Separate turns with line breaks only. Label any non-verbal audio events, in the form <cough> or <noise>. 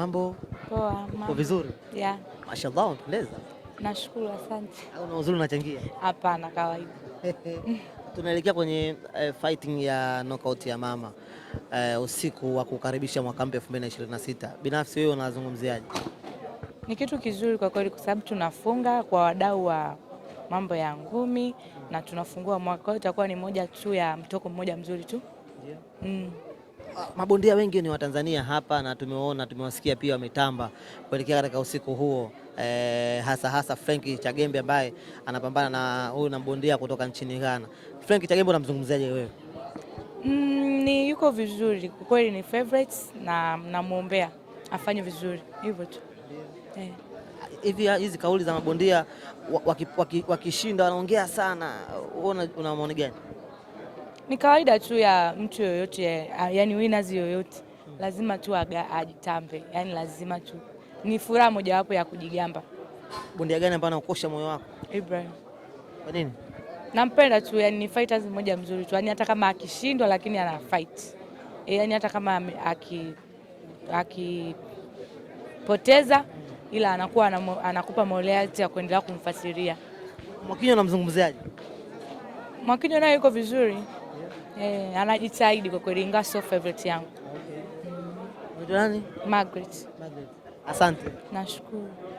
Mambo
poa? Uko vizuri? Yeah.
Mashaallah, umependeza.
Nashukuru, asante.
Au na uzuri unachangia?
Hapana, kawaida. <laughs>
Tunaelekea kwenye uh, fighting ya knockout ya mama uh, usiku wa kukaribisha mwaka mpya 2026. Binafsi wewe unazungumziaje?
Ni kitu kizuri kwa kweli, kwa sababu tunafunga kwa wadau wa mambo ya ngumi na tunafungua mwaka, itakuwa ni moja tu ya mtoko mmoja mzuri tu. Yeah. Mm
mabondia wengi ni Watanzania hapa na tumeona tumewasikia pia wametamba kuelekea katika usiku huo e, hasa hasa Frank Chagembe ambaye anapambana na huyu na mbondia kutoka nchini Ghana. Frank Chagembe unamzungumziaje wewe?
Mm, ni yuko vizuri kwa kweli, ni favorites na namwombea afanye vizuri hivyo tu
yeah. hizi kauli za mabondia wakishinda wanaongea sana, wewe una maoni gani?
ni kawaida tu ya mtu yoyote, yani winners yoyote lazima tu ajitambe, yani lazima tu, ni furaha mojawapo ya kujigamba.
Bondia gani ambaye anakosha moyo wako? Ibrahim. Kwa nini?
Nampenda tu, yani ni fighters mmoja mzuri tu, yani hata kama akishindwa, lakini ana fight e, yani hata kama akipoteza aki ila anakuwa anakupa moyo ya kuendelea kumfasiria.
Mwakinyo anamzungumziaje?
Mwakinyo naye yuko vizuri. Eh, anajitahidi kwa kweli ingawa sio favorite yangu. Okay. Mm. Margaret. Margaret. Asante. Nashukuru.